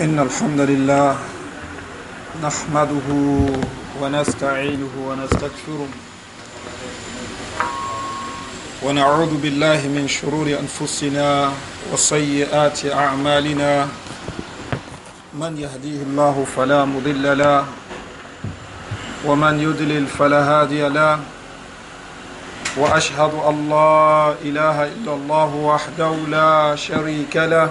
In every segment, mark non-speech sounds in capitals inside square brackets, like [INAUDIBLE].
إن الحمد لله نحمده ونستعينه ونستغفره ونعوذ بالله من شرور أنفسنا وسيئات أعمالنا من يهديه الله فلا مضل له ومن يدلل فلا هادي له وأشهد أن لا إله إلا الله وحده لا شريك له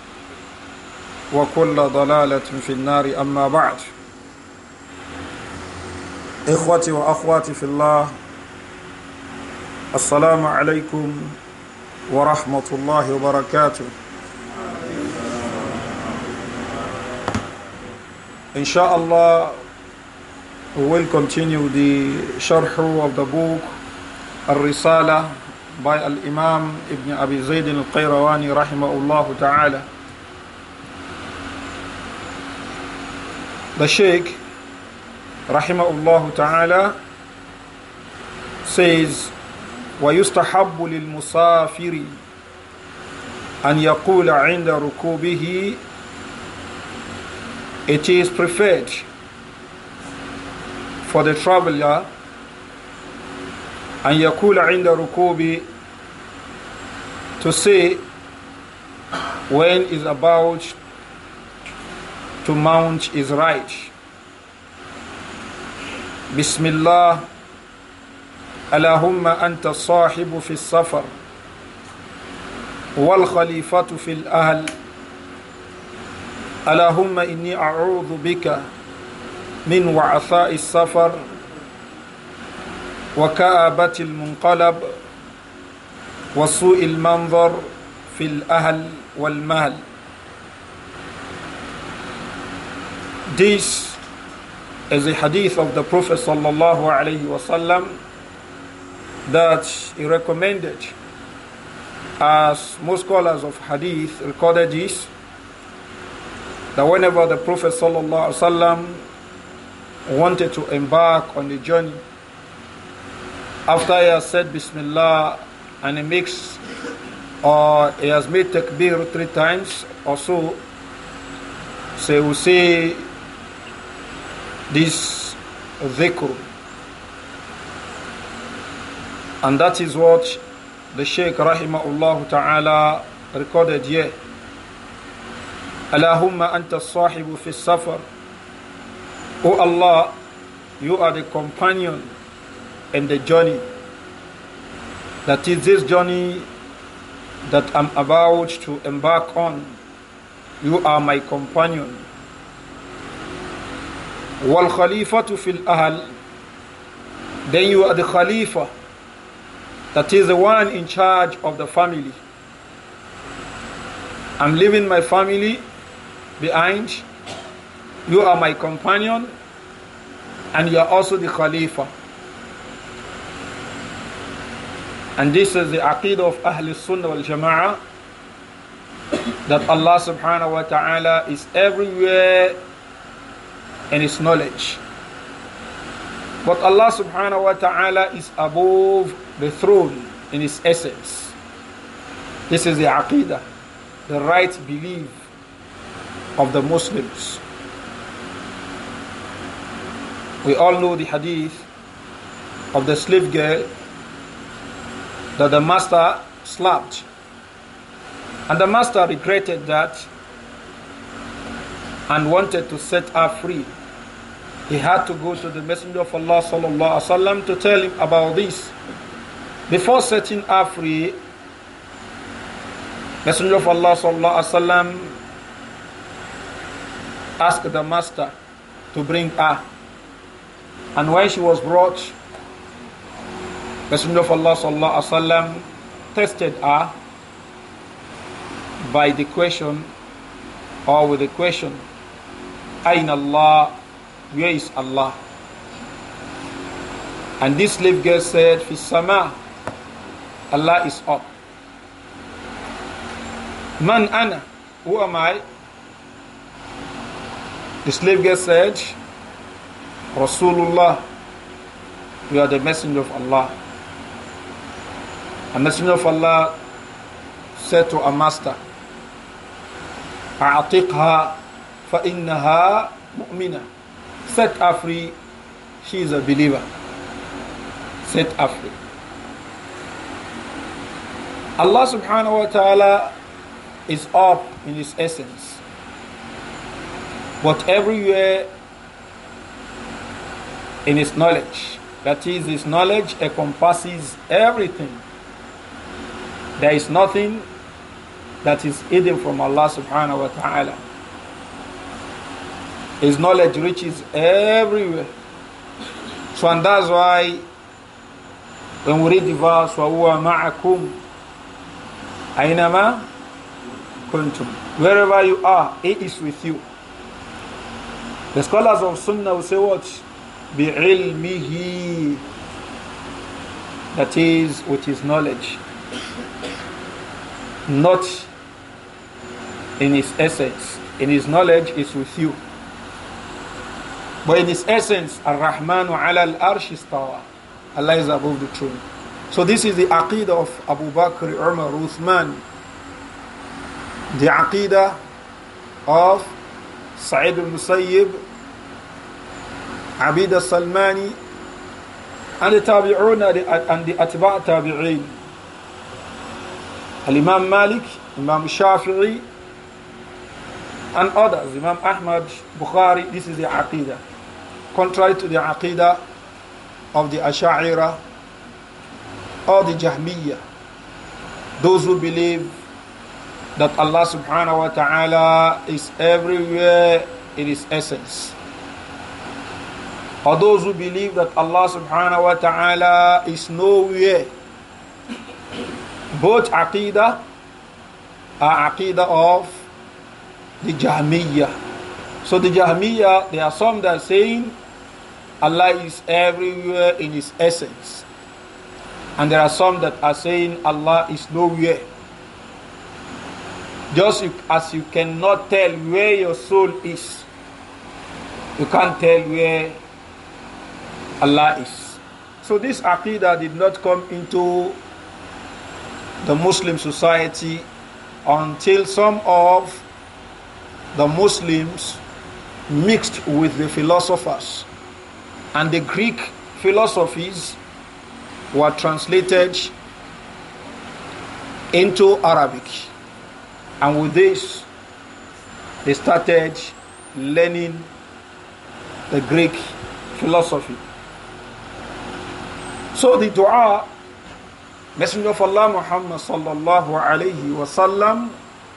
وكل ضلالة في النار أما بعد إخوتي وأخواتي في الله السلام عليكم ورحمة الله وبركاته إن شاء الله we will continue the شرح of the book الرسالة by Al-Imam Ibn Abi Zayd Al-Qayrawani رحمه الله تعالى The Sheikh, rahimahullah ta'ala, says, ويستحب للمسافر أن يقول عند ركوبه It is preferred for the traveler أن يقول عند ركوبه to say when is about to mount is right. بسم الله اللهم أنت الصاحب في السفر والخليفة في الأهل اللهم إني أعوذ بك من وعثاء السفر وكآبة المنقلب وسوء المنظر في الأهل والمال This is a hadith of the Prophet sallallahu alaihi wasallam that he recommended as most scholars of hadith recorded this that whenever the prophet sallallahu alaihi wasallam wanted to embark on a journey after he has said bismillah and he makes or uh, he has made takbir three times or so so he will say this dhikr. And that is what the Shaykh rahimahullah ta'ala recorded here. اللهم anta الصاحب في السفر O Allah, you are the companion in the journey. That is this journey that I'm about to embark on. You are my companion wal khalifatu fil ahl then you are the khalifa that is the one in charge of the family i'm leaving my family behind you are my companion and you are also the khalifa and this is the aqidah of Ahlul Sunnah wal Jama'ah that Allah subhanahu wa ta'ala is everywhere and his knowledge. But Allah subhanahu wa ta'ala is above the throne in his essence. This is the aqidah, the right belief of the Muslims. We all know the hadith of the slave girl that the master slapped. And the master regretted that and wanted to set her free he had to go to the Messenger of Allah sallallahu alaihi wasallam to tell him about this. Before setting her free, Messenger of Allah sallallahu alaihi wasallam asked the master to bring her. And when she was brought, Messenger of Allah sallallahu alaihi wasallam tested her by the question or with the question, Ain Allah where is Allah? And this slave girl said, Fisama, Allah is up. Man ana, who am I? The slave girl said, Rasulullah, you are the messenger of Allah. A messenger of Allah said to a master, أعتقها فإنها مؤمنة set her free, she is a believer. Set her free. Allah subhanahu wa ta'ala is up in his essence. But everywhere in his knowledge, that is, his knowledge encompasses everything. There is nothing that is hidden from Allah subhanahu wa ta'ala. His knowledge reaches everywhere. So and that's why when we read the verse, وَهُوَ مَعَكُمْ أَيْنَمَا كُنْتُمْ Wherever you are, He is with you. The scholars of Sunnah will say what? بِعِلْمِهِ That is, with his knowledge. Not in his essence. In his knowledge is with you. But in its essence, Ar-Rahmanu ala al-arshistawa. Allah is above the throne. So this is the aqidah of Abu Bakr, Umar, Uthman. The aqidah of Sa'id al-Musayyib, Abid al-Salmani, and the Tabi'un and the Atba' Tabi'in. Al-Imam Malik, Imam Shafi'i, and others, Imam Ahmad, Bukhari, this is the Aqidah. Contrary to the Aqidah of the Ash'ira or the Jahmiyyah, those who believe that Allah subhanahu wa ta'ala is everywhere in his essence. Or those who believe that Allah subhanahu wa ta'ala is nowhere. Both aqidah are aqidah of the Jahmiyyah. So the Jahmiyyah, there are some that are saying Allah is everywhere in His essence. And there are some that are saying Allah is nowhere. Just as you cannot tell where your soul is, you can't tell where Allah is. So this Aqidah did not come into the Muslim society until some of the Muslims mixed with the philosophers, and the Greek philosophies were translated into Arabic. And with this, they started learning the Greek philosophy. So the dua, Messenger of Allah Muhammad sallallahu alayhi wa sallam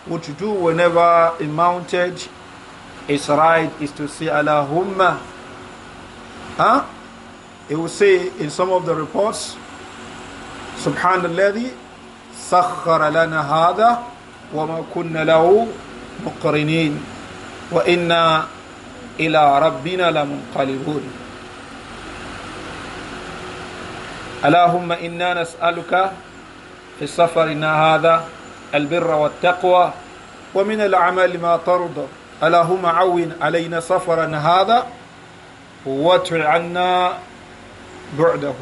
what you do whenever a mounted is right is to say Allahumma. Ah, It will say in some of the reports, Subhanallah, Sakhara lana hada wa ma kunna lahu muqrinin wa inna ila rabbina la munqalibun. Allahumma inna nas'aluka fi safarina hada البر والتقوى ومن العمل ما ترضى اللهم عون علينا سفرا هذا واتع عنا بعده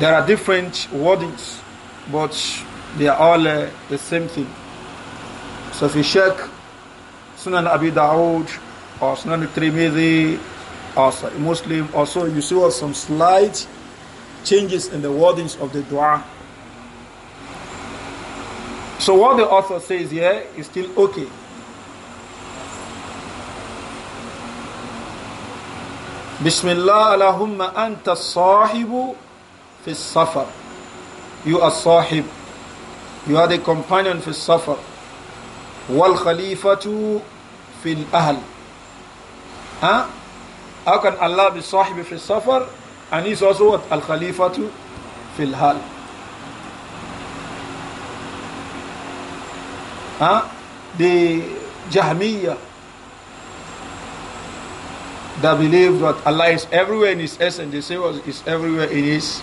There are different wordings, but they are all uh, the same thing. So if you check Sunan Abi Dawood or Sunan Trimidi or Muslim, also you see some slight changes in the wordings of the dua. So what the author says here is still okay. Bismillah Allahumma anta sahibu fi safar. You are sahib. You are the companion fi safar. Wal khalifatu fil ahl. Huh? How can Allah be sahib fi safar and he's also what? Al khalifatu fil ahl the Jahmiyyah that believe that Allah is everywhere in His essence. They say well, everywhere in His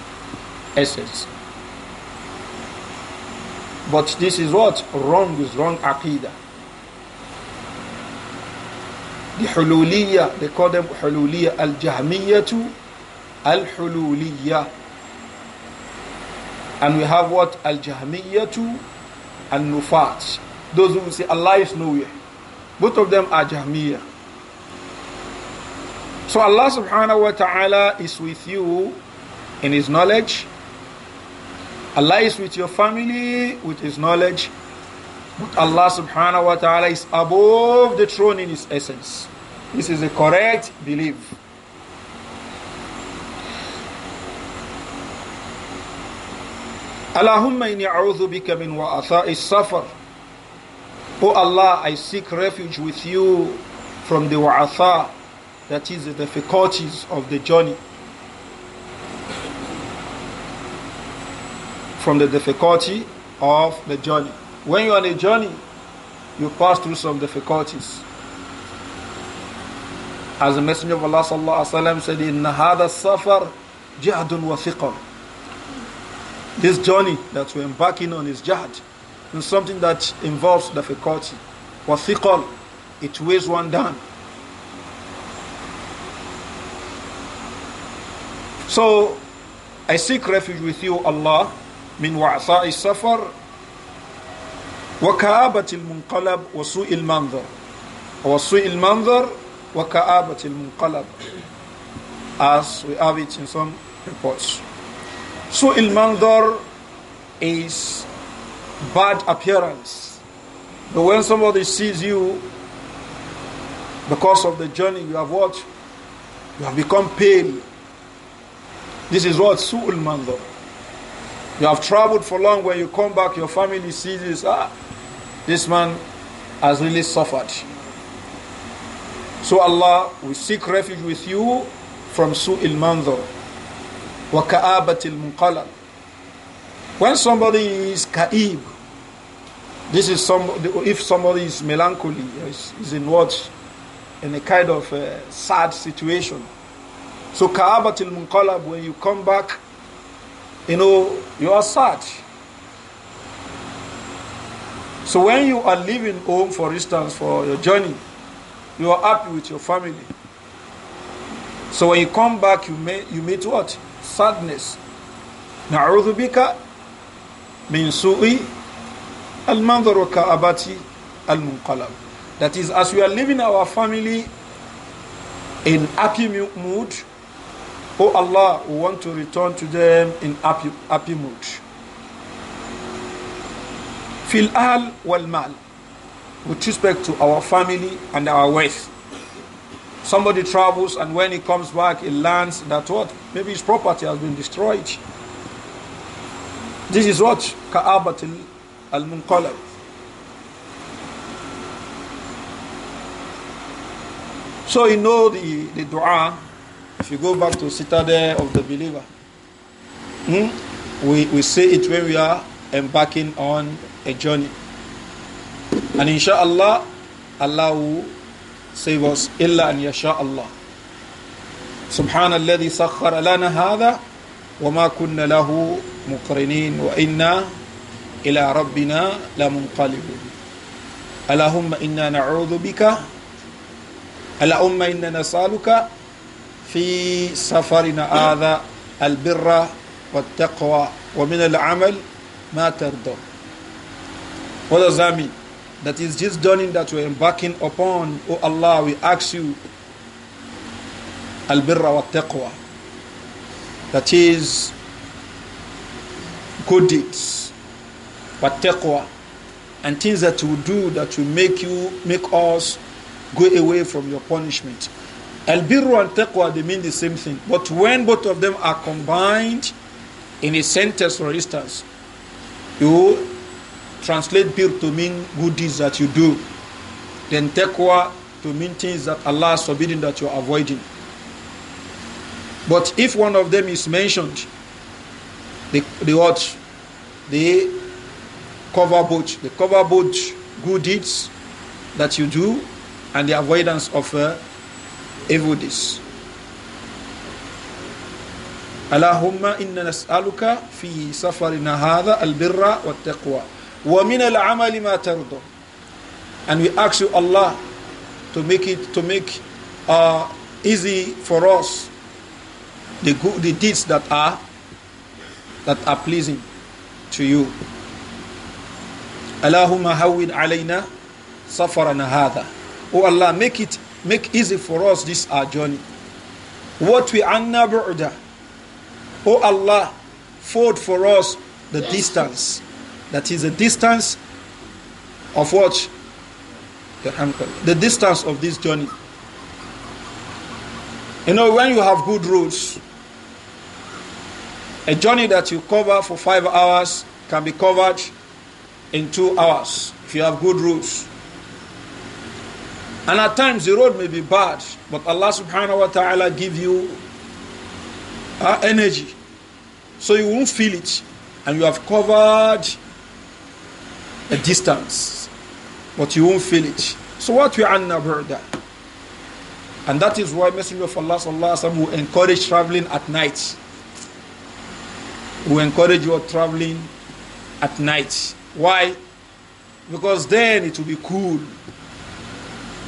essence. But this is what? Wrong is wrong aqidah. The Hululiyah, they call them Hululiyah, Al Jahmiyyah Al Hululiyah. And we have what? Al Jahmiyyah Al Nufat. Those who say Allah is nowhere. Both of them are jahmiya. So Allah subhanahu wa ta'ala is with you in His knowledge. Allah is with your family with His knowledge. But Allah subhanahu wa ta'ala is above the throne in His essence. This is a correct belief. اللهم إني أعوذ بك من وعثاء السفر O Allah, I seek refuge with you from the wa'atha, that is the difficulties of the journey. From the difficulty of the journey. When you're on a journey, you pass through some difficulties. As the Messenger of Allah sallallahu alaihi wasallam said, "In hada safar jihadun wa thiqal." This journey that we're embarking on is jihad in something that involves difficulty. Wathiqal, it weighs one down. So I seek refuge with you, Allah, من وعثاء السفر وكآبة المنقلب وسوء المنظر وسوء المنظر وكآبة المنقلب as we have it in some reports. il Mandar is bad appearance. But when somebody sees you, because of the journey you have walked, You have become pale. This is what? Su'ul mandhar. You have traveled for long. When you come back, your family sees this. Ah, this man has really suffered. So Allah, we seek refuge with you from su'il mandhar. وكآبة المنقلب when somebody is kaib, this is some. If somebody is melancholy, is, is in what, in a kind of uh, sad situation. So kaabatil munqalab, when you come back, you know you are sad. So when you are leaving home, for instance, for your journey, you are happy with your family. So when you come back, you meet, you meet what? Sadness. Na'udhu bika min su'i al-manzar wa ka'abati al-munqalab. That is, as we are leaving our family in happy mood, oh Allah, we want to return to them in happy, happy mood. Fil al wal mal, with respect to our family and our wealth. Somebody travels and when he comes back, he learns that what? Maybe his property has been destroyed this is what? Ka'abat al-munqalab. So you know the, the dua, if you go back to citadel of the believer, hmm? we, we say it when we are embarking on a journey. And inshallah, Allah will save us. Illa an yasha Allah. سبحان الذي سخر لنا هذا وما كنا له مقرنين وإنا إلى ربنا لمنقلبون اللهم إنا نعوذ بك اللهم إنا نسألك في سفرنا هذا البر والتقوى ومن العمل ما ترضى What does that mean? That is just done that we're embarking upon. Oh Allah, we ask you al-birra wa taqwa. that is good deeds but taqwa and things that you do that will make you make us go away from your punishment Al-Birru and Taqwa, they mean the same thing. But when both of them are combined in a sentence, for instance, you translate bir to mean good deeds that you do, then Taqwa to mean things that Allah is forbidding that you are avoiding. But if one of them is mentioned, the, the what? The cover both, the cover both good deeds that you do and the avoidance of uh, evil deeds. اللهم إنا نسألك في سفرنا هذا البر والتقوى ومن العمل ما ترضى and we ask you Allah to make it to make uh, easy for us the good the deeds that are that are pleasing to you. Allahumma hawwin alayna safarana hadha. Oh Allah, make it make easy for us this our journey. What we anna bu'da. Oh Allah, fold for us the distance. That is the distance of what? The distance of this journey. You know, when you have good roads, a journey that you cover for five hours can be covered in two hours if you have good roads. And at times the road may be bad, but Allah subhanahu wa ta'ala give you uh, energy. So you won't feel it. And you have covered a distance, but you won't feel it. So what we are brother? And that is why Messenger of Allah sallallahu alaihi will encourage traveling at night. We encourage you traveling at night. Why? Because then it will be cool.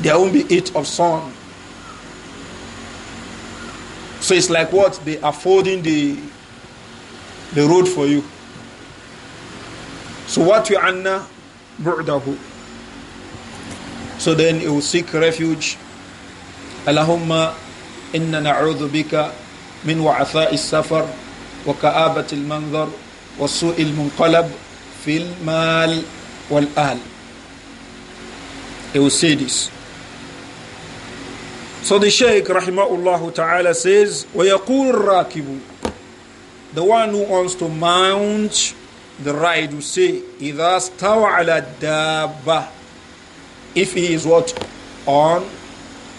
There won't be heat of sun. So it's like what they are folding the the road for you. So what you anna bu'dahu. So then you will seek refuge. Allahumma inna na'udhu bika min wa'atha'i safar وكآبة المنظر وسوء المنقلب في المال والأهل He will So the Shaykh rahimahullah ta'ala says, وَيَقُولُ الرَّاكِبُ The one who wants to mount the ride will say, إِذَا اسْتَوَى عَلَى الدَّابَّةِ If he is what? On,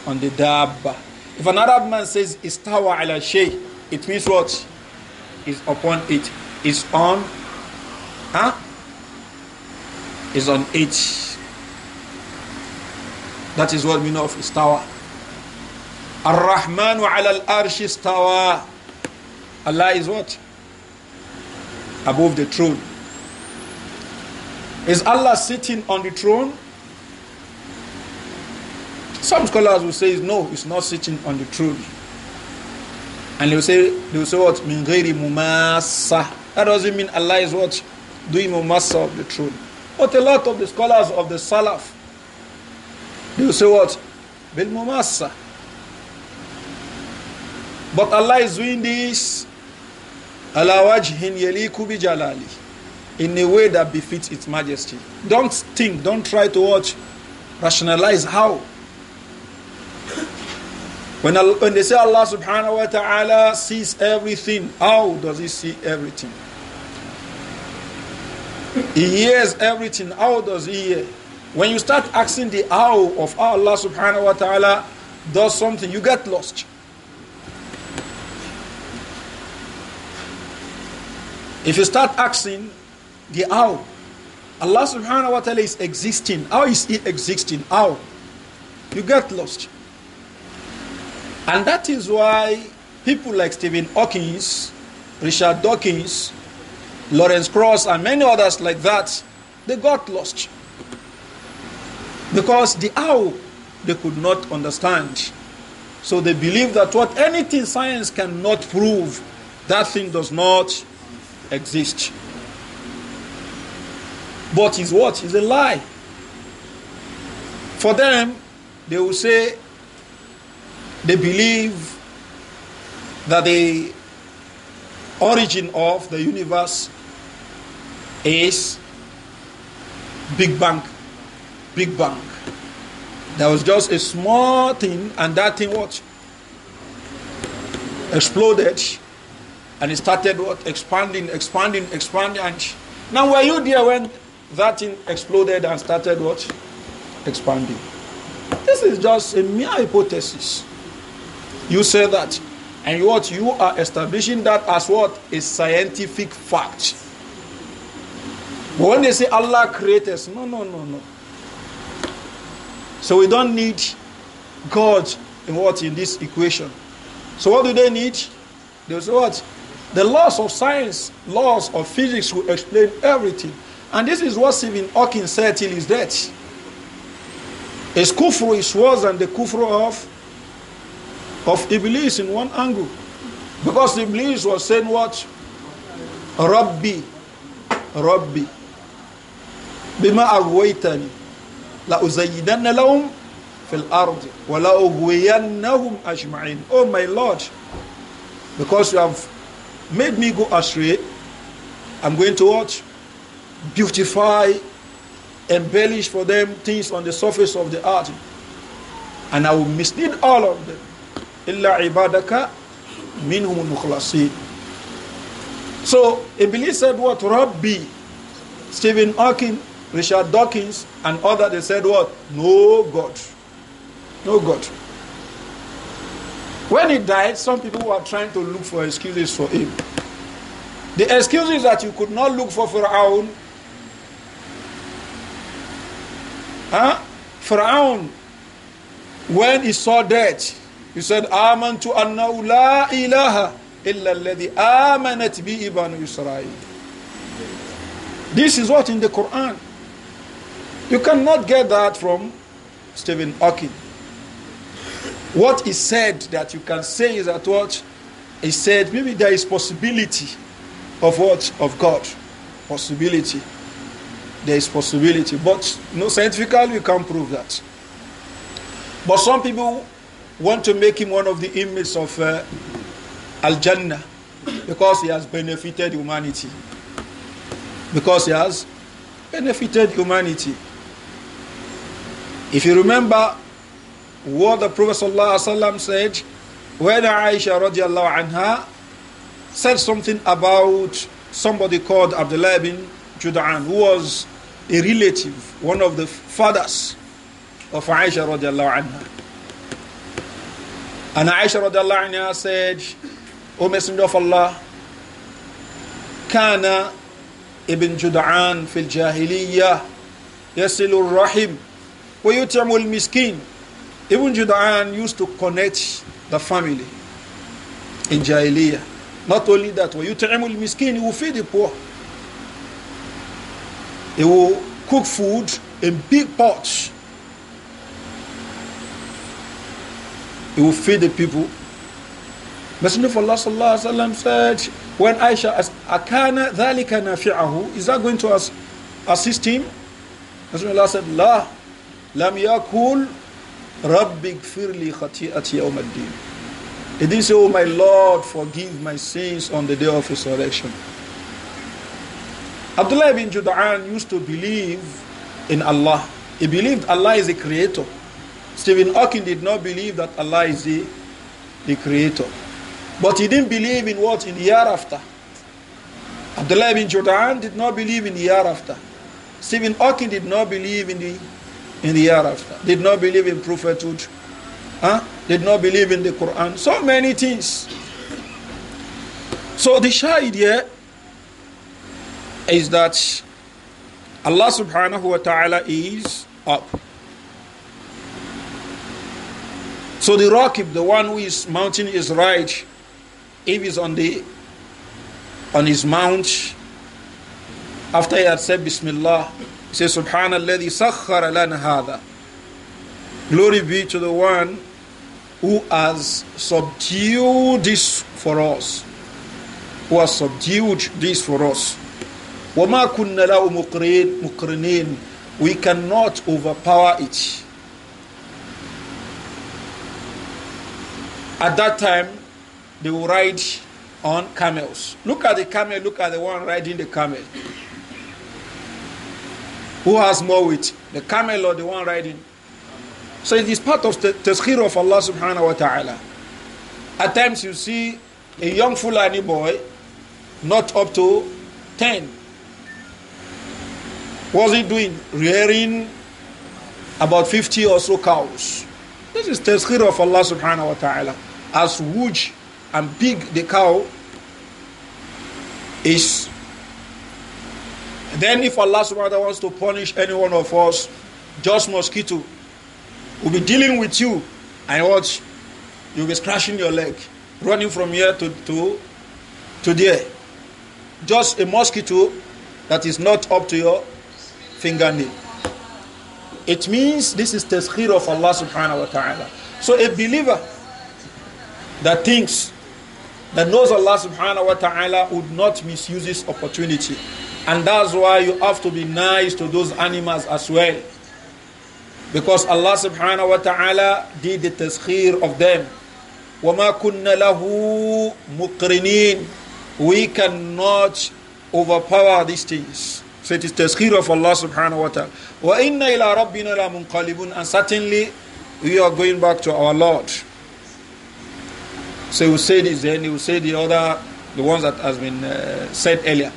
on the dabba. If an Arab man says, istawa ala shay, it means what? is upon it is on huh is on it that is what we know of istawa ar-rahman wa ala al-arsh istawa allah is what above the throne is allah sitting on the throne some scholars will say no it's not sitting on the throne and they will say, they will say what? Min ghairi mumasa. That doesn't mean Allah is what? Doing mumasa of the truth. But a lot of the scholars of the Salaf, they will say what? Bil mumasa. But Allah is doing this ala wajhin yaliku bi jalali in a way that befits its majesty. Don't think, don't try to watch, rationalize how when, when they say Allah subhanahu wa ta'ala sees everything, how does He see everything? He hears everything, how does He hear? When you start asking the how of how Allah subhanahu wa ta'ala does something, you get lost. If you start asking the how, Allah subhanahu wa ta'ala is existing. How is He existing? How? You get lost. And that is why people like Stephen Hawking, Richard Dawkins, Lawrence Cross, and many others like that, they got lost. Because the how they could not understand. So they believe that what anything science cannot prove, that thing does not exist. But is what? Is a lie. For them, they will say they believe that the origin of the universe is Big Bang. Big Bang. There was just a small thing, and that thing what? Exploded. And it started what? Expanding, expanding, expanding. now, were you there when that thing exploded and started what? Expanding. This is just a mere hypothesis. You say that. And what you are establishing that as what? A scientific fact. But when they say Allah created, no, no, no, no. So we don't need God in what in this equation. So what do they need? They say what? The laws of science, laws of physics will explain everything. And this is what Stephen Hawking said till his death. His kufru is worse than the kufru of of Iblis in one angle. Because Iblis was saying what? Rabbi, Rabbi, bima agwaytani la uzayidanna lahum fil ardi wa la ughwiyannahum ajma'in. Oh my Lord, because you have made me go astray, I'm going to what? Beautify, embellish for them things on the surface of the earth. And I will mislead all of them illa ibadaka minhum mukhlasin. So Iblis said what? Rabbi. Stephen Hawking, Richard Dawkins, and others, they said what? No God. No God. When he died, some people were trying to look for excuses for him. The excuses that you could not look for Pharaoh. Huh? Pharaoh, when he saw death, he said, Amantu annahu la ilaha illa alladhi amanat bi ibanu Israel. This is what in the Quran. You cannot get that from Stephen Hawking. he said that you can say is that what he said, maybe there is possibility of what? Of God. Possibility. There is possibility. But you no know, scientifically we can't prove that. But some people want to make him one of the inmates of uh, Al Jannah because he has benefited humanity. Because he has benefited humanity. If you remember what the Prophet ﷺ said, when Aisha anha said something about somebody called Abdullah bin Judan, who was a relative, one of the fathers of Aisha radiallahu anha. And Aisha radiallahu anha said, O Messenger of Allah, كان ابن جدعان في الجاهلية يصل الرحم ويطعم miskin. Ibn Judan used to connect the family in Jahiliyyah. Not only that, وَيُطْعِمُ miskin, He will feed the poor. He will cook food in big pots He will feed the people. Messenger of Allah sallallahu alaihi said, when Aisha asked, "Akana dhalika Is that going to us assist him? Messenger of Allah said, "La, lam yakul, Rabbi gfirli khati'ati yawm ad-din." He didn't say, "Oh my Lord, forgive my sins on the day of resurrection." Abdullah bin Juda'an used to believe in Allah. He believed Allah is a creator. Stephen Hawking did not believe that Allah is the, the creator. But he didn't believe in what? In the year after. Abdullah ibn Jordan did not believe in the year after. Stephen Hawking did not believe in the in the after. Did not believe in prophethood. Huh? Did not believe in the Quran. So many things. So the shahid here is that Allah subhanahu wa ta'ala is up. So the rock, the one who is mounting his right, if he's on the on his mount, after he had said Bismillah, he says Subhanalladhi sakhara lana Glory be to the one who has subdued this for us. Who has subdued this for us. وَمَا كُنَّ لَهُ مُقْرِنِينَ We cannot overpower it. At that time, they will ride on camels. Look at the camel, look at the one riding the camel. Who has more weight, the camel or the one riding? So it is part of the tazkir of Allah subhanahu wa ta'ala. At times you see a young Fulani boy, not up to 10. What's he doing? Rearing about 50 or so cows. This is tazkir of Allah subhanahu wa ta'ala as wood and big the cow is. then if Allah subhanahu wa ta'ala wants to punish any one of us, just mosquito will be dealing with you and what you'll be scratching your leg, running from here to, to, to there. Just a mosquito that is not up to your fingernail. It means this is the of Allah subhanahu wa ta'ala. So a believer that thinks that knows Allah subhanahu wa ta'ala would not misuse this opportunity. And that's why you have to be nice to those animals as well. Because Allah subhanahu wa ta'ala did the tazkhir of them. وَمَا كُنَّ لَهُ مُقْرِنِينَ We cannot overpower these things. So it is tazkhir of Allah subhanahu wa ta'ala. وَإِنَّ إِلَىٰ رَبِّنَا لَمُنْقَلِبُونَ And certainly we are going back to our Lord. So we will say this, then we will say the other, the ones that has been uh, said earlier.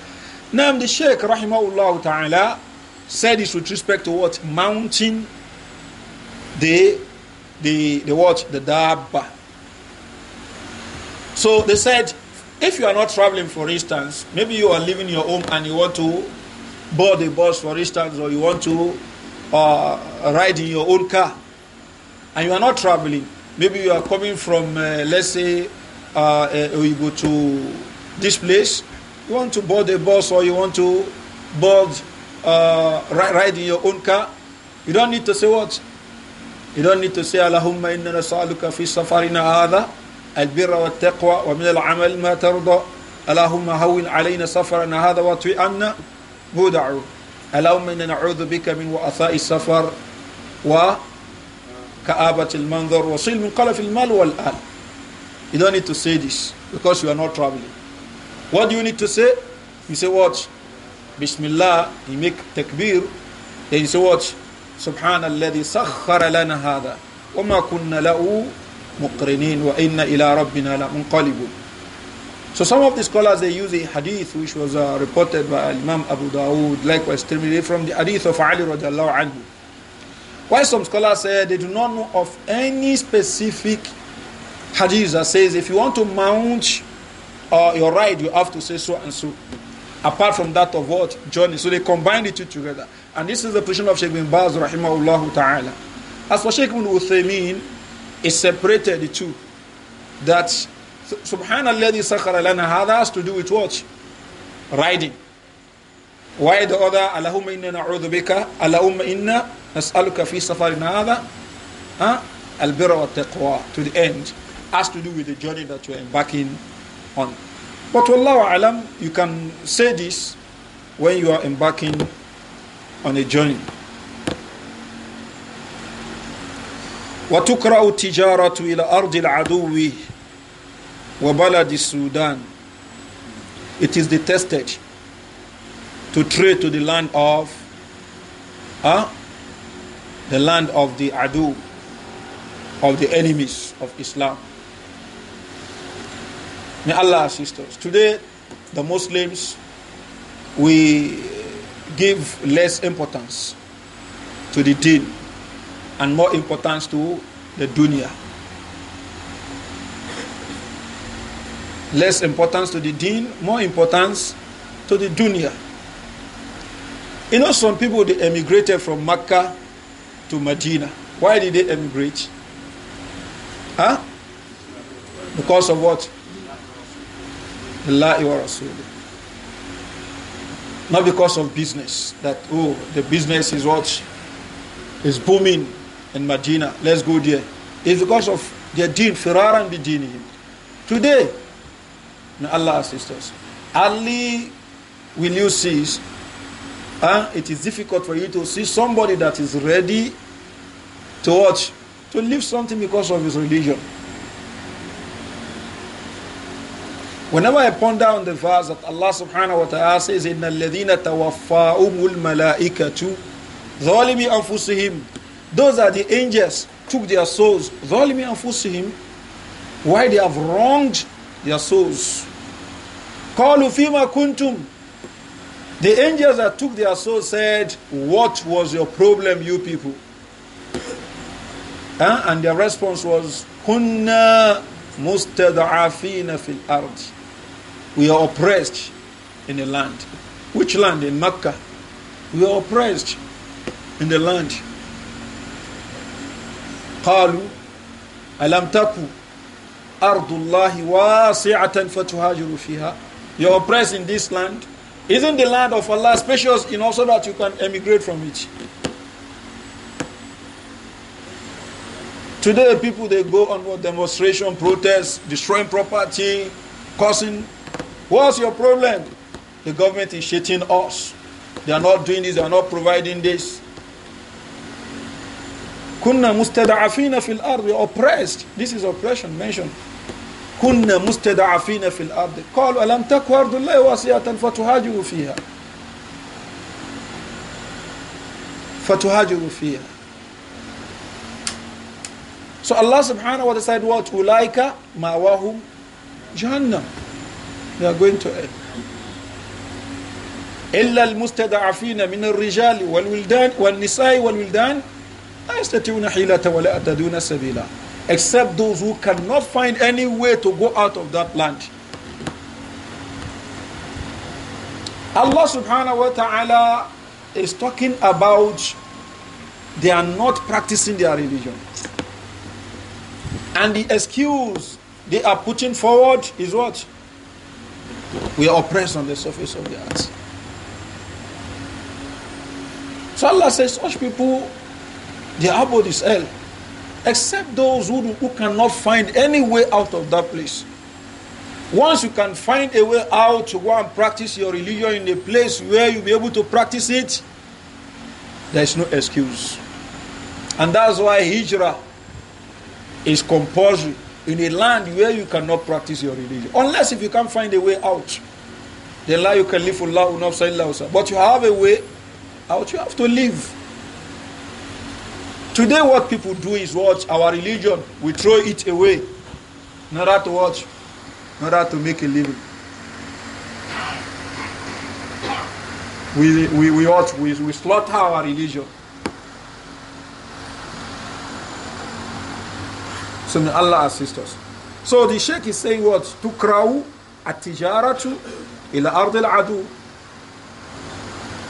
Now the Sheikh, rahimahullah ta'ala, said this with respect to what? Mounting the, the, the what? The dabba. So they said, if you are not traveling, for instance, maybe you are leaving your home and you want to board a bus, for instance, or you want to uh, ride in your own car, and you are not traveling, Maybe you are coming from, uh, let's say, uh, uh, you go to this place, you want to board a bus or you want to board, uh, ride, ride in your own car. You don't need to say what? You don't need to say, Allahumma inna nas'aluka fi safarina hadha, al-birra wa taqwa wa min al-amal ma tarda. اللهم هون علينا سفرنا هذا واطفئ عنا بودعه اللهم انا نعوذ بك من وأثاء السفر و المنظر من قلف المال والآل You don't need to say this because you are not traveling. What do you need to say? You say what? Bismillah, you make takbir. Then you say what? سبحان الذي سخر لنا هذا وما كنا له مقرنين وإن إلى ربنا لمنقلبون So some of the scholars they use a hadith which was uh, reported by Imam Abu Dawood, likewise terminated from the hadith of Ali radiallahu anhu. Why some scholars say they do not know of any specific hadith that says if you want to mount uh, your ride, you have to say so and so. Apart from that of what? Journey. So they combine the two together. And this is the position of Sheikh bin Baz, rahimahullah ta'ala. As for Sheikh bin Uthaymeen, it separated the two. That subhanallah, sakhara lana hadha has to do with what? Riding. Why the other, Allahumma inna na'udhu bika, Allahumma inna نسألك في سفرنا هذا huh? البر والتقوى to the end has to do with the journey that you're embarking on but wallahu alam you can say this when you are embarking on a journey وتكرأ التجارة إلى أرض العدو وبلد السودان It is detested to trade to the land of huh, the land of the adu, of the enemies of Islam. May Allah assist us. Today, the Muslims, we give less importance to the deen and more importance to the dunya. Less importance to the deen, more importance to the dunya. You know, some people they emigrated from Makkah to Medina. Why did they emigrate? Huh? Because of what? Allah wa Rasul. Not because of business. That, oh, the business is what? Is booming in Medina. Let's go there. It's because of their deen, and the dinihim. Today, Allah assist us. Ali will you cease uh, it is difficult for you to see somebody that is ready to watch, to leave something because of his religion. Whenever I ponder on the verse that Allah subhanahu wa ta'ala says, إِنَّ الَّذِينَ تَوَفَّاهُمُ الْمَلَائِكَةُ ظَالِمِ أَنفُسِهِمْ Those are the angels, took their souls. ظَالِمِ أَنفُسِهِمْ Why they have wronged their souls. قَالُوا فِيمَا كُنْتُمْ the angels that took their soul said, What was your problem, you people? And their response was, Kunna mustadafina fil ard. We are oppressed in the land. Which land? In Mecca. We are oppressed in the land. قالوا ألم تكن أرض الله واسعة فتهاجروا فيها You are oppressed in this land isn't the land of Allah spacious enough so that you can emigrate from it? Today, people they go on demonstration, protests, destroying property, causing. What's your problem? The government is shitting us. They are not doing this. They are not providing this. كنا مستضعفين في الأرض oppressed. This is oppression mentioned. كنا مستضعفين في الأرض قالوا ألم تكو أرض الله واسعة فتهاجروا فيها فتهاجروا فيها So Allah subhanahu wa ta'ala said what? Ulaika ma'wahum jahannam. They are going to hell. إلا المستضعفين من الرجال والولدان والنساء والولدان لا يستطيعون حيلة ولا أتدون سبيلا except those who cannot find any way to go out of that land. Allah subhanahu wa ta'ala is talking about they are not practicing their religion. And the excuse they are putting forward is what? We are oppressed on the surface of the earth. So Allah says, such people, their abode is hell except those who, who cannot find any way out of that place. Once you can find a way out to go and practice your religion in a place where you'll be able to practice it, there is no excuse. And that's why Hijrah is compulsory in a land where you cannot practice your religion. Unless if you can't find a way out. Then la yukallifu Allahu nafsan illa But you have a way out, you have to live. Today, what people do is watch our religion, we throw it away not that to watch, not that to make a living. We, we, we, watch. we, we slaughter our religion. So may Allah assist us. So the Sheikh is saying what? To at atijaratu ila ardil adu.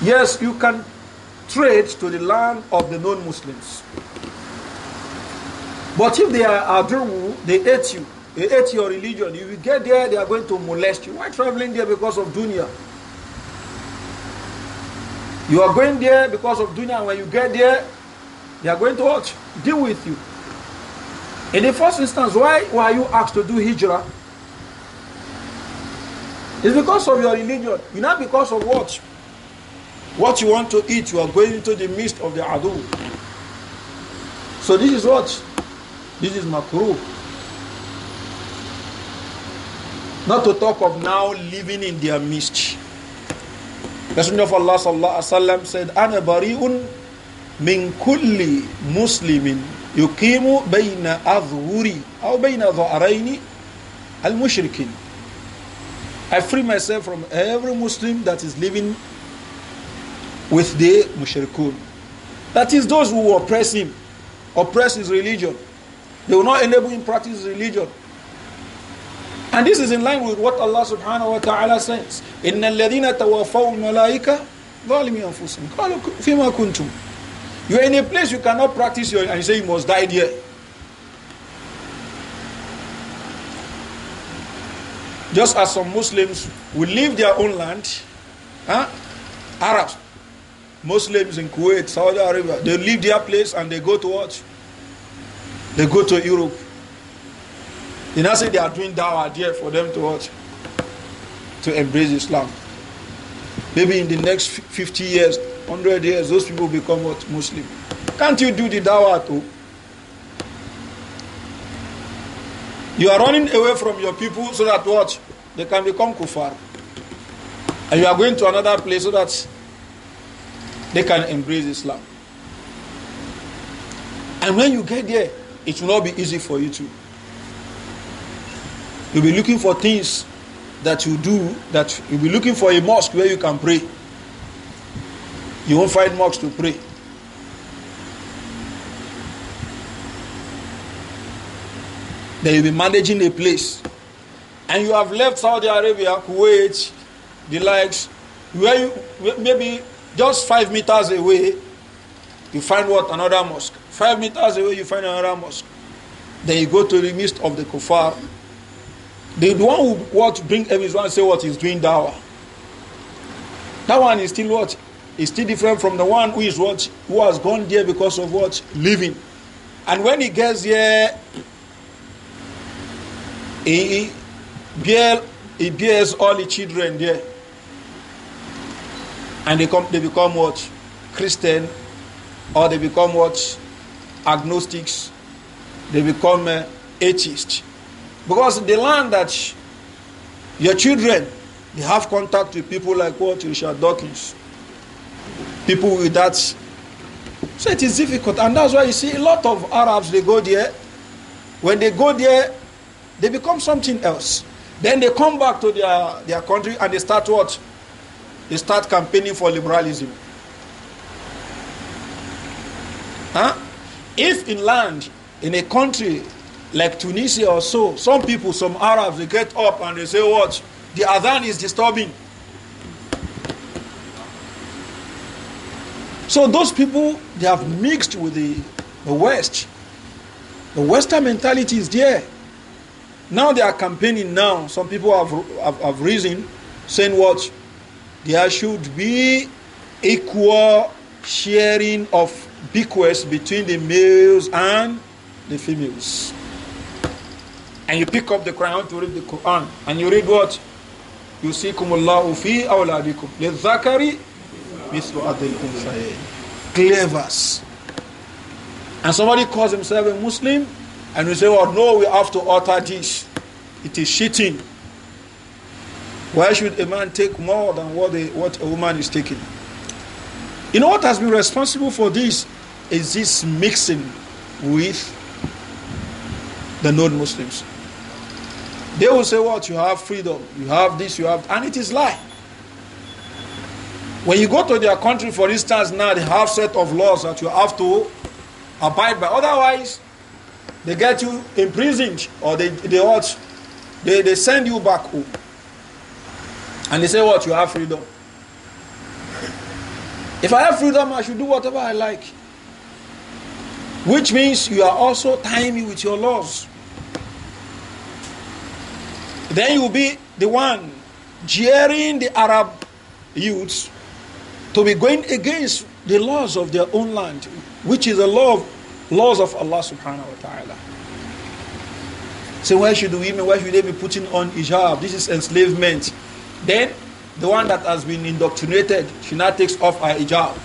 Yes, you can trade to the land of the non-Muslims. But if they are Adru, they hate you. They hate your religion. If you get there, they are going to molest you. Why traveling there because of dunya? You are going there because of dunya. When you get there, they are going to watch, deal with you. In the first instance, why were you asked to do hijrah? It's because of your religion. You're not because of what? What you want to eat, you are going into the midst of the adu. So this is what? This is makruh. Not to talk of now living in their midst. Messenger of Allah sallallahu alaihi wasallam said, "Ana bari'un min kulli muslimin yuqimu bayna adhuri aw bayna dha'raini al-mushrikin." I free myself from every Muslim that is living with the mushrikun. That is, those who oppress him, oppress his religion. They will not enable him practice his religion. And this is in line with what Allah subhanahu wa ta'ala says. إِنَّ الَّذِينَ تَوَفَّوُا الْمَلَائِكَ ظَالِمِي أَنفُسِهِمْ قَالُوا فِيمَا كُنْتُمْ You are in a place you cannot practice your... And you say you must die there. Just as some Muslims will leave their own land, huh? Arabs, Muslims in Kuwait, Saudi Arabia, they leave their place and they go to what? They go to Europe. They now say they are doing dawah there for them to what? To embrace Islam. Maybe in the next 50 years, 100 years, those people become what? Muslim. Can't you do the dawah too? You are running away from your people so that what? They can become kufar. And you are going to another place so that they can embrace Islam. And when you get there, it will not be easy for you to. You'll be looking for things that you do, that you'll be looking for a mosque where you can pray. You won't find mosques to pray. Then you'll be managing a place. And you have left Saudi Arabia, Kuwait, the likes, where you, maybe just five meters away, you find what? Another mosque. Five meters away, you find another mosque. Then you go to the midst of the kuffar. The one who what bring everyone say what is doing dawah. That one is still what? Is still different from the one who is what who has gone there because of what living. And when he gets there, he, he, he bears all the children there and they, come, they become what? Christian, or they become what? Agnostics, they become uh, atheists. Because they learn that your children, they have contact with people like what? Richard Dawkins, people with that. So it is difficult, and that's why you see a lot of Arabs, they go there. When they go there, they become something else. Then they come back to their, their country and they start what? They start campaigning for liberalism. Huh? If in land, in a country like Tunisia or so, some people, some Arabs, they get up and they say, What? The Adhan is disturbing. So those people, they have mixed with the, the West. The Western mentality is there. Now they are campaigning now. Some people have, have, have risen saying "Watch." there should be equal sharing of bequests between the males and the females. And you pick up the Quran to read the Quran, and you read what? You see kumullahu fi awladikum. Zakari mithlu adil Clevers. And somebody calls himself a Muslim, and we say, "Well, oh, no, we have to alter this. It is cheating. Why should a man take more than what, a, what a woman is taking? You know what has been responsible for this is this mixing with the non Muslims. They will say, What? You have freedom, you have this, you have. And it is lie. When you go to their country, for instance, now they have set of laws that you have to abide by. Otherwise, they get you imprisoned or they, they, they, they send you back home. And they say, What? You have freedom. If I have freedom, I should do whatever I like. Which means you are also tying me with your laws. Then you will be the one jeering the Arab youths to be going against the laws of their own land, which is the law of, laws of Allah subhanahu wa ta'ala. So why should the women, why should they be putting on hijab? This is enslavement. Then the one that has been indoctrinated, she now takes off her hijab.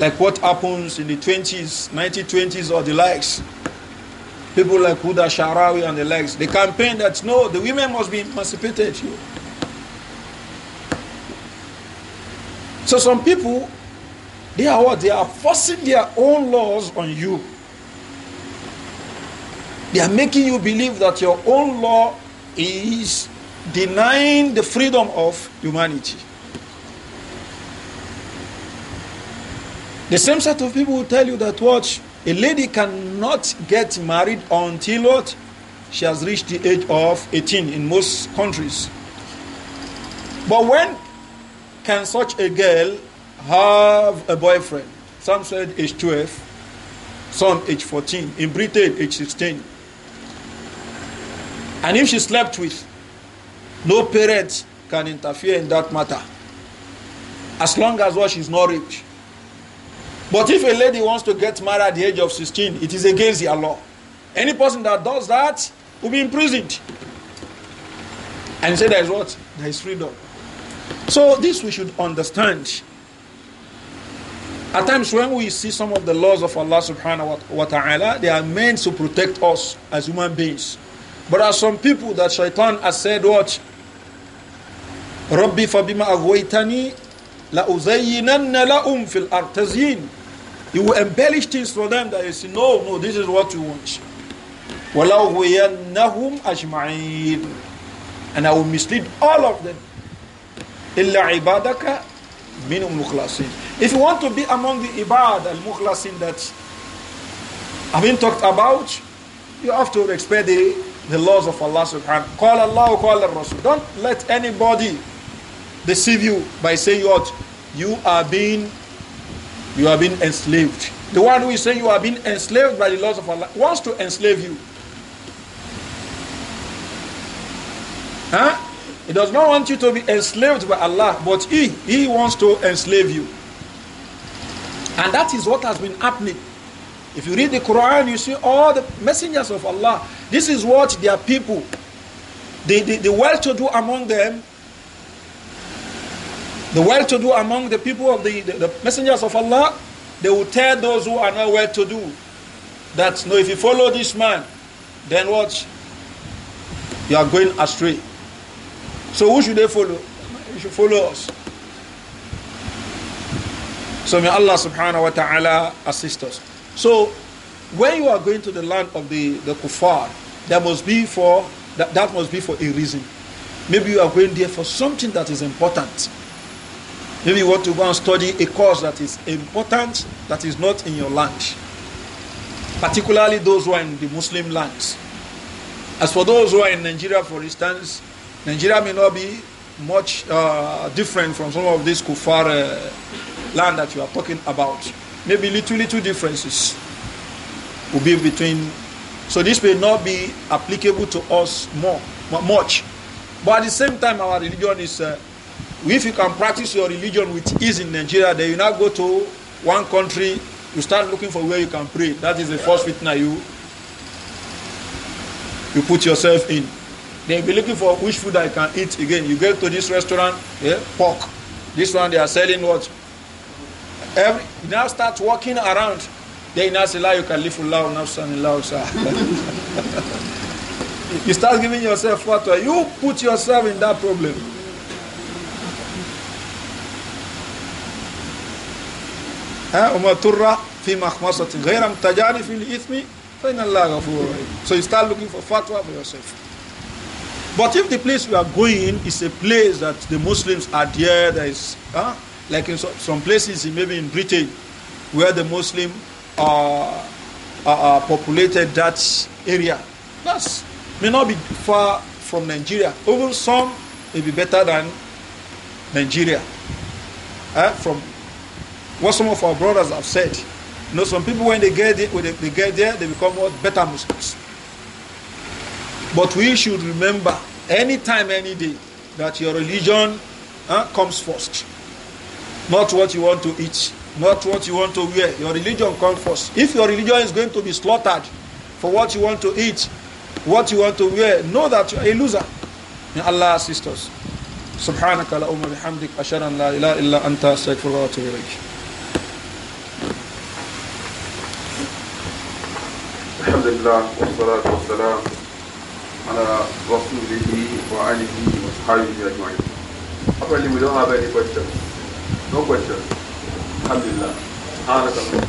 Like what happens in the 20s, 1920s, or the likes. People like Huda Sharawi and the likes. They campaign that no, the women must be emancipated. So some people, they are what? They are forcing their own laws on you. They are making you believe that your own law is denying the freedom of humanity. The same set of people will tell you that what a lady cannot get married until what she has reached the age of 18 in most countries. But when can such a girl have a boyfriend? Some said age 12, some age 14, in Britain age 16. And if she slept with no parent can interfere in that matter. As long as what she's not rich. But if a lady wants to get married at the age of 16, it is against the law. Any person that does that will be imprisoned. And say there is what? There is freedom. So this we should understand. At times when we see some of the laws of Allah subhanahu wa ta'ala, they are meant to protect us as human beings. But there are some people that shaitan has said what? ربي فبما أغويتني لأزينن لهم في الأرض artazin. You will embellish things for them that you say, no, no, this is what you want. وَلَغْوِيَنَّهُمْ أَجْمَعِينَ And I will mislead all of them. إِلَّا عِبَادَكَ مِنْهُمْ مُخْلَصِينَ If you want to be among the ibad al-mukhlasin that i have been talked about, you have to respect the, the laws of Allah subhanahu wa ta'ala. Call Allah, call Rasul. Don't let anybody deceive you by saying what you are being you are being enslaved. The one who is saying you are being enslaved by the laws of Allah wants to enslave you. Huh? He does not want you to be enslaved by Allah, but he, he wants to enslave you. And that is what has been happening. If you read the Quran, you see all the messengers of Allah. This is what their people, the, the, the well-to-do among them, the well-to-do among the people of the, the, the messengers of Allah, they will tell those who are not well-to-do that, no, if you follow this man, then what? You are going astray. So who should they follow? You should follow us. So may Allah subhanahu wa ta'ala assist us. So when you are going to the land of the, the kuffar, there must be for that, that must be for a reason. Maybe you are going there for something that is important. Maybe you want to go and study a course that is important that is not in your land, particularly those who are in the Muslim lands. As for those who are in Nigeria, for instance, Nigeria may not be much uh, different from some of these kufar uh, land that you are talking about. Maybe little, little differences will be between. So this may not be applicable to us more, much. But at the same time, our religion is. Uh, if you can practice your religion with ease in Nigeria, then you now go to one country, you start looking for where you can pray. That is the first fitna you you put yourself in. They will be looking for which food I can eat again. You go to this restaurant, yeah, pork. This one they are selling what? Every you now start walking around. They now say, you can live for love, nafsan in [LAUGHS] You start giving yourself what you put yourself in that problem. وما في مخمصة غير فإن الله غفور So you start looking for fatwa for yourself. But if the place we are going is a place that the Muslims are there, there is, huh? like in some places, maybe in Britain, where the Muslim uh, uh, populated that area. That may not be far from Nigeria. Even some may be better than Nigeria. Uh, from what some of our brothers have said. You know, some people when they get there, when they, they get there, they become what better Muslims. But we should remember, anytime, any day, that your religion comes first. Not what you want to eat, not what you want to wear. Your religion comes first. If your religion is going to be slaughtered for what you want to eat, what you want to wear, know that you're a loser. May Allah assist us. سبحانك اللهم وبحمدك أشهد أن لا إله إلا أنت أستغفرك وأتوب إليك الحمد لله والصلاة والسلام على رسوله وآله وصحبه أجمعين. أبا لي مدوها بني بشر. نو بشر. الحمد لله. هذا كمان.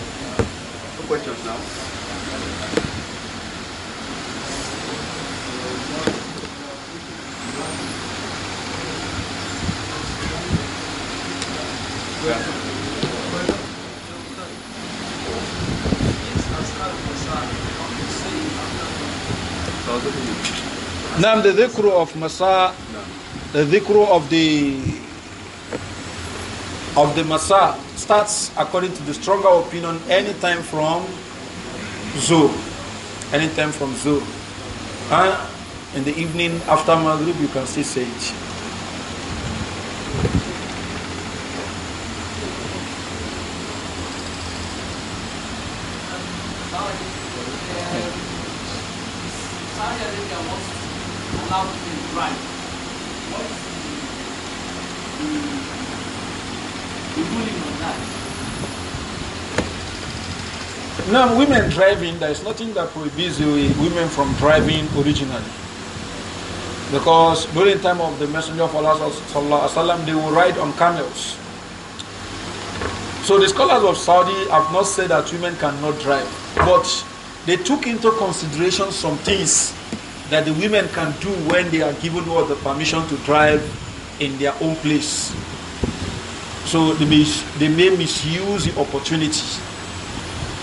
نو بشر نعم. Now the dhikr of Masa, the dhikr of the of the Masa starts according to the stronger opinion anytime from Zuhr. Anytime from Zuhr. And in the evening after Maghrib you can still say it. Now, women driving, there is nothing that prohibits women from driving originally. Because during the time of the Messenger of Allah, they will ride on camels. So the scholars of Saudi have not said that women cannot drive, but they took into consideration some things that the women can do when they are given all the permission to drive in their own place. So they may, they may misuse the opportunity.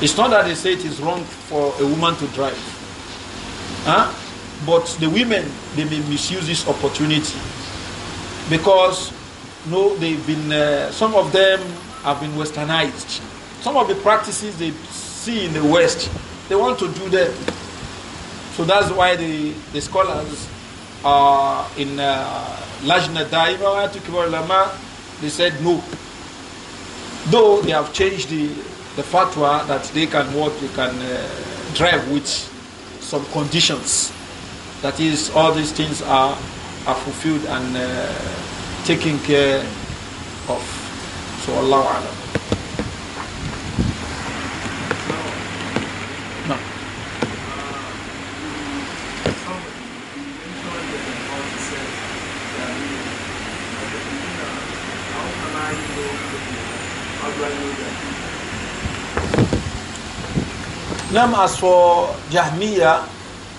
It's not that they say it is wrong for a woman to drive. Huh? But the women, they may misuse this opportunity because you no, know, they've been, uh, some of them have been westernized. Some of the practices they see in the West, they want to do them. So that's why the, the scholars are in uh, Lajna Daiva, Tukibor Lama, they said no. Though they have changed the the fatwa that they can walk, they can uh, drive with some conditions. That is, all these things are, are fulfilled and uh, taken care of. So Allah Alam. Now, as for Jahmiya,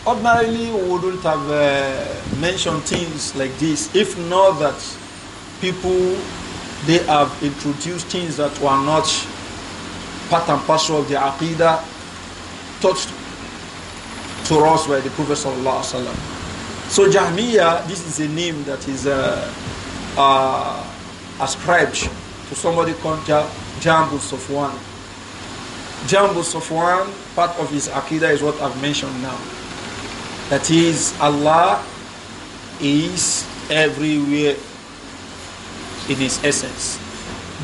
ordinarily we wouldn't have uh, mentioned things like this if not that people they have introduced things that were not part and parcel of the Aqidah taught to us by the Prophet Sallallahu Alaihi Wasallam. So Jahmiya, this is a name that is uh, uh, ascribed to somebody called Jambus of one. Jambus of one part of his aqidah is what I've mentioned now. That is, Allah is everywhere in his essence.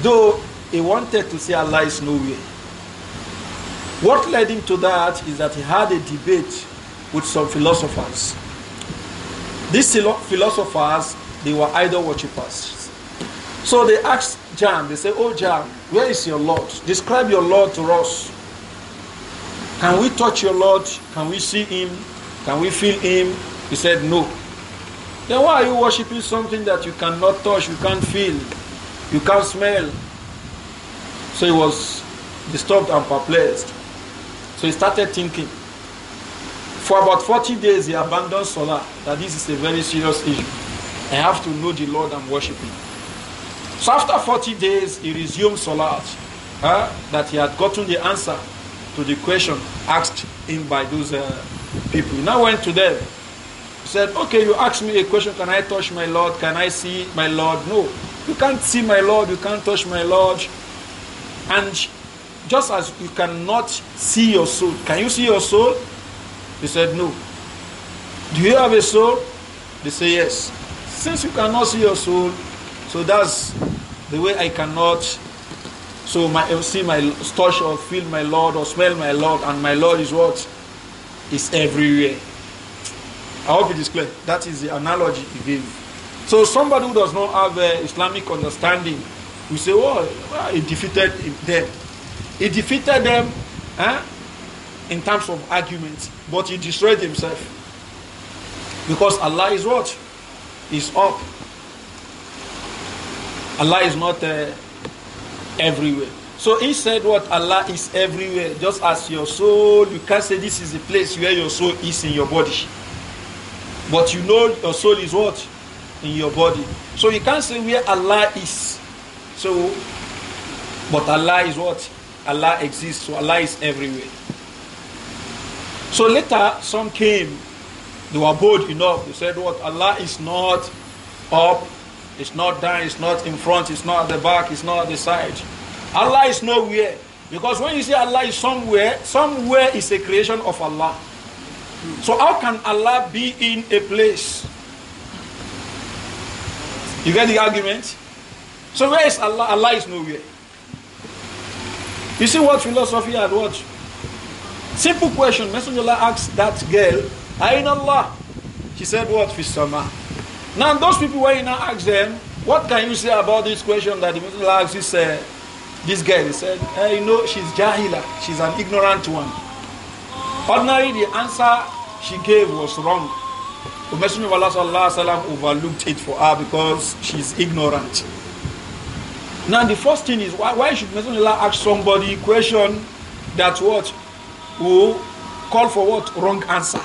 Though he wanted to say Allah is nowhere. What led him to that is that he had a debate with some philosophers. These philosophers, they were idol worshippers. So they asked Jam, they said, Oh Jam, where is your Lord? Describe your Lord to us. Can we touch your Lord? Can we see him? Can we feel him? He said, No. Then why are you worshipping something that you cannot touch, you can't feel, you can't smell? So he was disturbed and perplexed. So he started thinking. For about 40 days, he abandoned solar. that this is a very serious issue. I have to know the Lord I'm worshipping. So after 40 days, he resumed solar. huh, that he had gotten the answer to the question asked him by those uh, people. He now went to them, said, Okay, you asked me a question, can I touch my Lord? Can I see my Lord? No, you can't see my Lord, you can't touch my Lord. And just as you cannot see your soul, can you see your soul? He said, No. Do you have a soul? They say, Yes. Since you cannot see your soul, so that's the way I cannot so my, see my touch or feel my Lord or smell my Lord, and my Lord is what? Is everywhere. I hope it is clear. That is the analogy he gave. So somebody who does not have uh, Islamic understanding, we say, "Well, he defeated them. He defeated them huh? Eh, in terms of arguments, but he destroyed himself. Because Allah is what? Is up. Allah is not... Uh, everywhere. So he said, What Allah is everywhere, just as your soul, you can't say this is the place where your soul is in your body. But you know your soul is what? In your body. So you can't say where Allah is. So, but Allah is what? Allah exists, so Allah is everywhere. So later, some came, they were bold enough, they said, What? Allah is not up it's not down, it's not in front, it's not at the back, it's not at the side. Allah is nowhere. Because when you say Allah is somewhere, somewhere is a creation of Allah. So how can Allah be in a place? You get the argument? So where is Allah? Allah is nowhere. You see what philosophy had what? Simple question. Messenger Allah asked that girl, Ain Allah. She said what? Fisama. Now, those people, when you now ask them, what can you say about this question that the Muslim asked this, uh, this girl? He said, hey, eh, you know, she's jahila. She's an ignorant one. Ordinarily, the answer she gave was wrong. The Messenger of Allah sallallahu sallam, overlooked it for her because she's ignorant. Now, the first thing is, why, why should Messenger of Allah ask somebody a question that what who call for what? Wrong answer.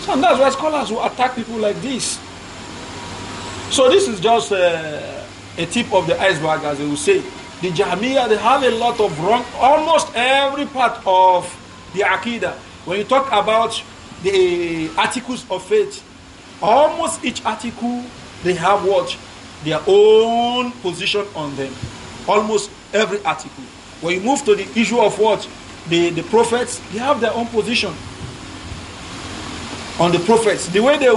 So that's why scholars will attack people like this. So this is just a, a tip of the iceberg, as they will say. The Jahmiya, they have a lot of wrong, almost every part of the Aqidah. When you talk about the articles of faith, almost each article, they have what? Their own position on them. Almost every article. When you move to the issue of what? The, the prophets, they have their own position on the prophets. The way they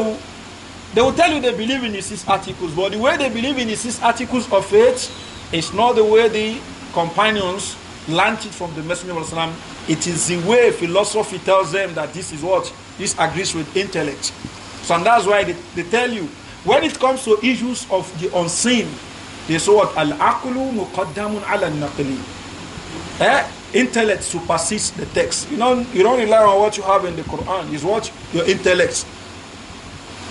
they will tell you they believe in the six articles, but the way they believe in the six articles of faith is not the way the companions learned it from the Messenger of Islam. It is the way philosophy tells them that this is what this agrees with intellect. So and that's why they, they tell you when it comes to issues of the unseen, they say what al akulu muqaddamun ala naqli. Eh? Intellect supersedes the text. You don't you don't rely on what you have in the Quran. It's what your intellect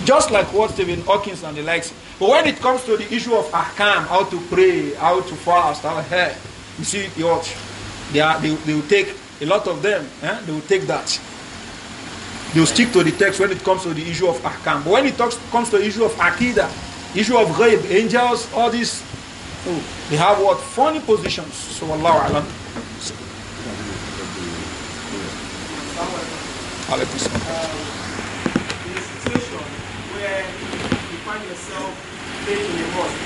just like what Stephen Hawkins and the likes. But when it comes to the issue of ahkam, how to pray, how to fast, how hair, eh, you see, the They, are, they, they will take, a lot of them, eh, they will take that. They will stick to the text when it comes to the issue of ahkam. But when it talks, comes to the issue of akida, issue of ghaib, angels, all these, oh, they have what? Funny positions. So Allah Alam where you find yourself taking a mosque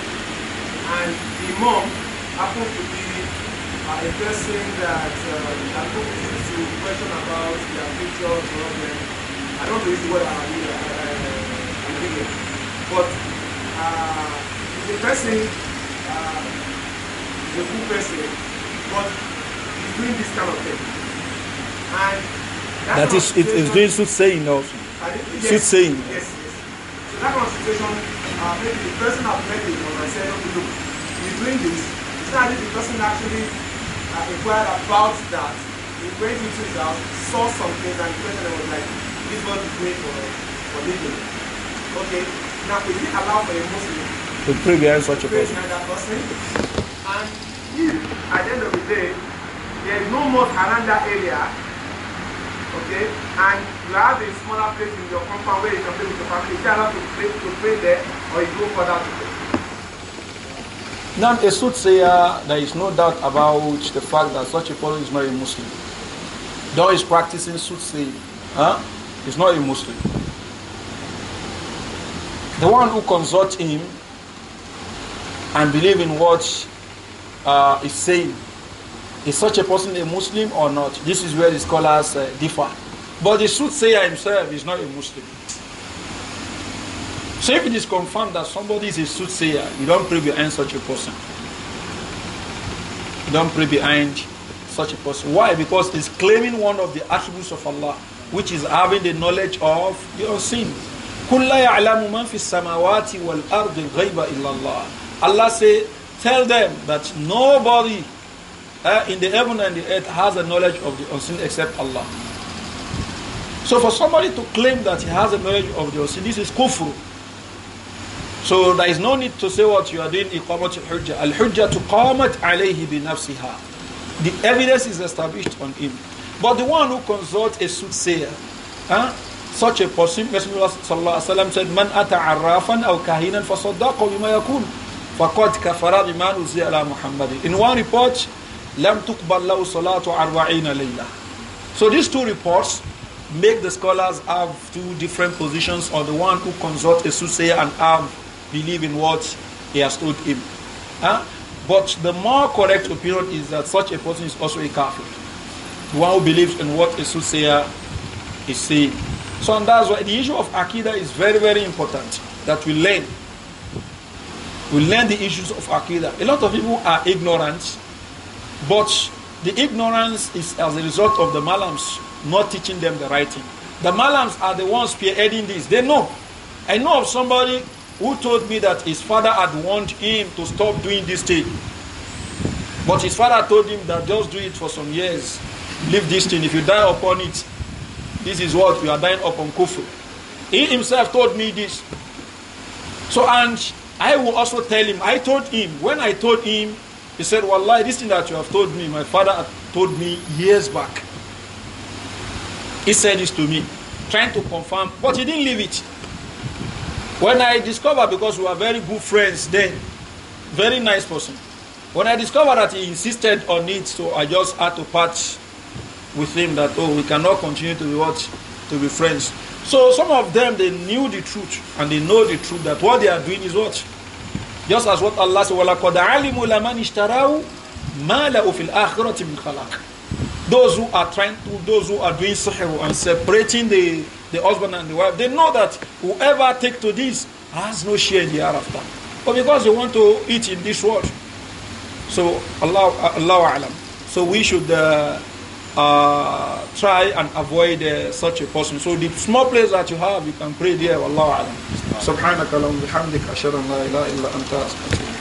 and the mom happens to be uh, a person that um, that to question about their future problem. I don't use the word am uh, but uh, the person uh, is a good person, but he's doing this kind of thing. And that is, it is doing soothsaying also. Yes, soothsaying. Yes. In that kind of situation, uh, maybe the person it was I said, okay, look, you're doing this. It's not the person actually uh, inquired about that. He went into his house, saw some things, and the person was like, this one is great for, for living. Okay, now is it allowed for a Muslim to pray behind such a person? And if at the end of the day, there is no more around that area, okay? And you have a smaller place in your compound where you can play with your family. If you are not to play, to play there, or you go further to play. Now, a soothsayer, there is no doubt about the fact that such a person is not a Muslim. Though he's practicing soothsaying, huh? he's not a Muslim. The one who consults him and believe in what uh, he's saying is such a person a Muslim or not? This is where the scholars uh, differ. But the soothsayer himself is not a Muslim. So if it is confirmed that somebody is a soothsayer, you don't pray behind such a person. You don't pray behind such a person. Why? Because he's claiming one of the attributes of Allah, which is having the knowledge of your sins. Allah say, tell them that nobody uh, in the heaven and the earth has the knowledge of the unseen except Allah. So for somebody to claim that he has the knowledge of the unseen, this is kufr. So there is no need to say what you are doing, iqamat al-hujjah. Al-hujjah to alayhi bi nafsiha. The evidence is established on him. But the one who consults a soothsayer, huh? such a person, Messenger wasallam said, Man ata arrafan aw kahinan fasaddaqaw bima yakun. Faqad kafara bima nuzila ala Muhammadin. In one report, لم تقبل له صلاة أربعين ليلة. So these two reports make the scholars have two different positions on the one who consults a soothsayer and have believe in what he has told him. Huh? But the more correct opinion is that such a person is also a kafir. The one who believes in what a soothsayer is saying. So and that's why the issue of Akida is very, very important that we learn. We learn the issues of Akida. A lot of people are ignorant but the ignorance is as a result of the malams not teaching them the right thing. The malams are the ones spearheading this. They know. I know of somebody who told me that his father had warned him to stop doing this thing. But his father told him that just do it for some years. Leave this thing. If you die upon it, this is what you are dying upon kufu. He himself told me this. So, and I will also tell him, I told him, when I told him, he said, Wallahi, this thing that you have told me, my father told me years back. He said this to me, trying to confirm, but he didn't leave it. When I discovered, because we were very good friends then, very nice person. When I discovered that he insisted on it, so I just had to part with him that oh we cannot continue to be what to be friends. So some of them they knew the truth and they know the truth that what they are doing is what just as what Allah said, وَلَقَدْ عَلِمُوا لَمَنْ اشْتَرَاهُ مَا فِي الْآخِرَةِ مِنْ خَلَقٍ Those who are trying to, those who are doing sihr and separating the, the husband and the wife, they know that whoever take to this has no share in the hereafter. But because they want to eat in this world. So Allah, Allah alam. So we should uh, uh, try and avoid uh, such a person. So the small place that you have, you can pray there. Allah. Subhanaka lahum la ilaha illa anta